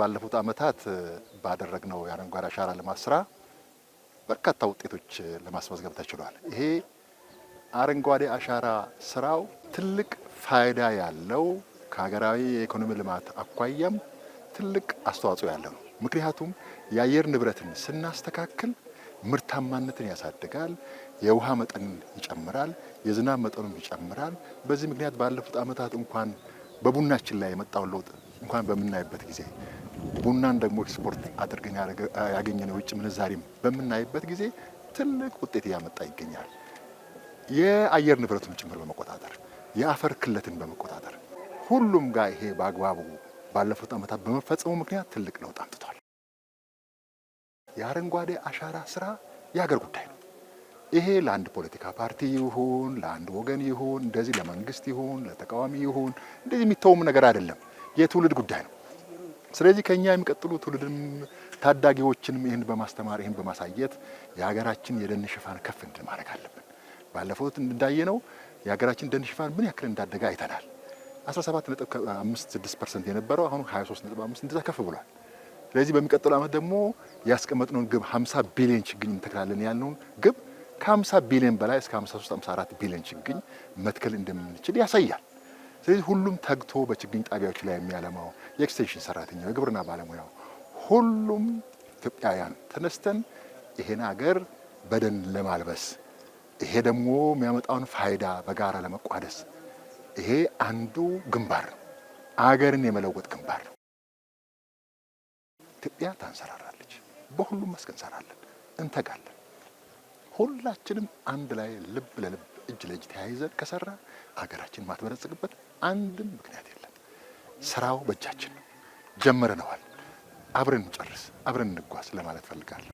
ባለፉት ዓመታት ባደረግነው የአረንጓዴ አሻራ ልማት ስራ በርካታ ውጤቶች ለማስመዝገብ ተችሏል። ይሄ አረንጓዴ አሻራ ስራው ትልቅ ፋይዳ ያለው ከሀገራዊ የኢኮኖሚ ልማት አኳያም ትልቅ አስተዋጽኦ ያለው ነው። ምክንያቱም የአየር ንብረትን ስናስተካክል ምርታማነትን ያሳድጋል፣ የውሃ መጠን ይጨምራል፣ የዝናብ መጠኑም ይጨምራል። በዚህ ምክንያት ባለፉት ዓመታት እንኳን በቡናችን ላይ የመጣውን ለውጥ እንኳን በምናይበት ጊዜ ቡናን ደግሞ ኤክስፖርት አድርገን ያገኘነው የውጭ ምንዛሪም በምናይበት ጊዜ ትልቅ ውጤት እያመጣ ይገኛል። የአየር ንብረቱን ጭምር በመቆጣጠር የአፈር ክለትን በመቆጣጠር ሁሉም ጋር ይሄ በአግባቡ ባለፉት ዓመታት በመፈጸሙ ምክንያት ትልቅ ለውጥ አምጥቷል። የአረንጓዴ አሻራ ስራ የሀገር ጉዳይ ነው። ይሄ ለአንድ ፖለቲካ ፓርቲ ይሁን ለአንድ ወገን ይሁን እንደዚህ ለመንግስት ይሁን ለተቃዋሚ ይሁን እንደዚህ የሚተውም ነገር አይደለም፣ የትውልድ ጉዳይ ነው። ስለዚህ ከኛ የሚቀጥሉ ትውልድን ታዳጊዎችንም ይህን በማስተማር ይህን በማሳየት የሀገራችን የደን ሽፋን ከፍ እንድን ማድረግ አለብን። ባለፈው እንዳየነው የሀገራችን ደን ሽፋን ምን ያክል እንዳደገ አይተናል። 17.56 ፐርሰንት የነበረው አሁን 23.5 እንደዛ ከፍ ብሏል። ስለዚህ በሚቀጥለው ዓመት ደግሞ ያስቀመጥነውን ግብ 50 ቢሊዮን ችግኝ እንተክላለን ያልነውን ግብ ከ50 ቢሊዮን በላይ እስከ 53 54 ቢሊዮን ችግኝ መትከል እንደምንችል ያሳያል። ስለዚህ ሁሉም ተግቶ በችግኝ ጣቢያዎች ላይ የሚያለማው የኤክስቴንሽን ሰራተኛው፣ የግብርና ባለሙያው፣ ሁሉም ኢትዮጵያውያን ተነስተን ይሄን ሀገር በደን ለማልበስ ይሄ ደግሞ የሚያመጣውን ፋይዳ በጋራ ለመቋደስ ይሄ አንዱ ግንባር ነው። አገርን የመለወጥ ግንባር ነው። ኢትዮጵያ ታንሰራራለች። በሁሉም መስክ እንሰራለን፣ እንተጋለን። ሁላችንም አንድ ላይ ልብ ለልብ እጅ ለእጅ ተያይዘን ከሰራ አገራችን ማትበለጽግበት አንድም ምክንያት የለም። ስራው በእጃችን ነው። ጀምረነዋል። አብረን እንጨርስ፣ አብረን እንጓዝ ለማለት ፈልጋለሁ።